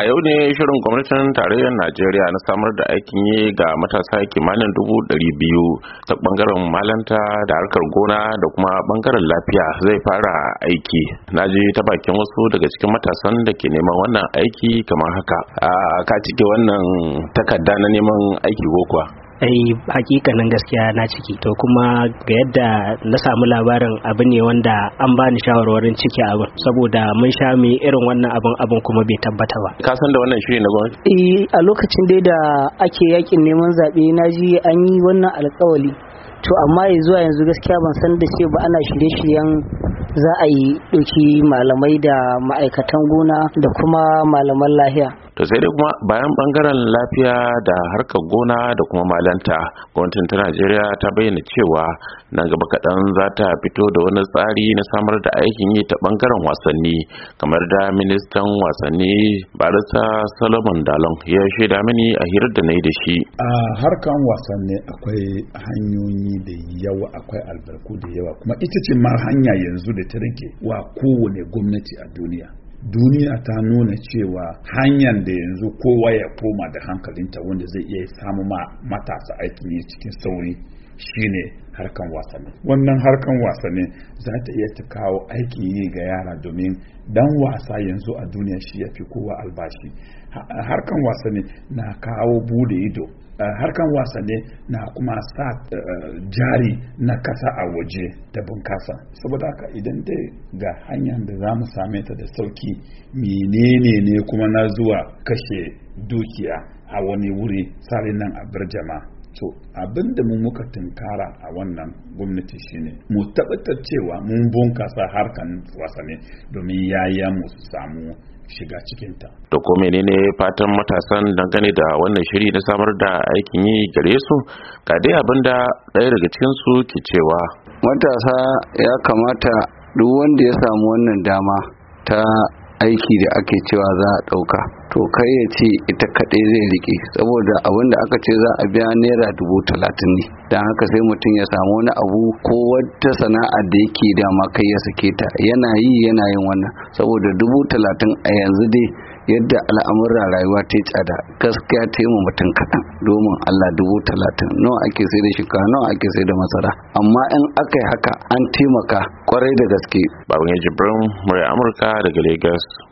a yau ne shirin gwamnatin tarayyar najeriya na samar da aikin yi ga matasa kimanin dubu ɗari biyu ta ɓangaren malanta da harkar gona da kuma ɓangaren lafiya zai fara aiki na ji ta bakin wasu daga cikin matasan da ke neman wannan aiki kamar haka a ka cike wannan takarda na neman aiki ko kuwa ai hakikanin gaskiya na ciki to kuma ga yadda na samu labarin abu ne wanda an bani shawarwarin ciki abin saboda mun sha mai irin wannan abin abin kuma bai tabbata ba ka san da wannan shiri na gwamnati eh a lokacin dai da ake yakin neman zabe na ji an yi wannan alƙawali to amma zuwa yanzu gaskiya ban san da ce ba ana shirye-shiryen za a yi ɗauki malamai da ma'aikatan gona da kuma malaman lahiya to sai dai kuma bayan bangaren lafiya da harkar gona da kuma malanta gwamnatin ta najeriya ta bayyana cewa nan gaba kaɗan za ta fito da wani tsari na samar da aikin yi ta bangaren wasanni kamar da ministan wasanni barista solomon dalon ya shaida mini a hirar da na yi da shi a harkar wasanni akwai hanyoyi da yawa akwai albarku da yawa kuma ita ce ma hanya yanzu da ta rage wa kowane gwamnati a duniya duniya ta nuna cewa hanyar da yanzu kowa ya koma da hankalinta wanda zai iya samu matasa aiki ne cikin sauri shine harkan wasanni wannan harkan wasanni za ta iya ta kawo aikin yi ga yara domin dan wasa yanzu a duniya shi ya fi kowa albashi harkan wasanni na kawo bude ido eh, harkan wasanni na kuma sa eh, jari na kasa a waje ta bunkasa saboda haka idan dai ga hanyar da za mu same ta da sauki menene ne kuma na zuwa kashe dukiya a wani wuri sare nan a birjama to abin da muka tunkara a wannan gwamnati shine mu tabbatar cewa mun bunkasa harkan wasanni domin yaya mu samu shiga cikinta. To ko menene fatan matasan dangane da wannan shiri na samar da aikin yi gare su ga dai abin da ɗaya daga cikin su ke cewa. Matasa ya kamata duk wanda ya samu wannan dama ta aiki da ake cewa za a ɗauka. to kai ya ce ita kaɗai zai rike saboda abin da aka ce za a biya naira dubu talatin ne don haka sai mutum ya samu wani abu ko wata sana'a da yake dama kai ya sake ta yana yi yana yin wannan saboda dubu talatin a yanzu dai yadda al'amuran rayuwa ta yi tsada gaskiya ta yi ma mutum kaɗan domin allah dubu talatin nawa ake sai da shinkafa nawa ake sai da masara amma in aka yi haka an taimaka kwarai da gaske babban ya jibrin murya amurka daga lagos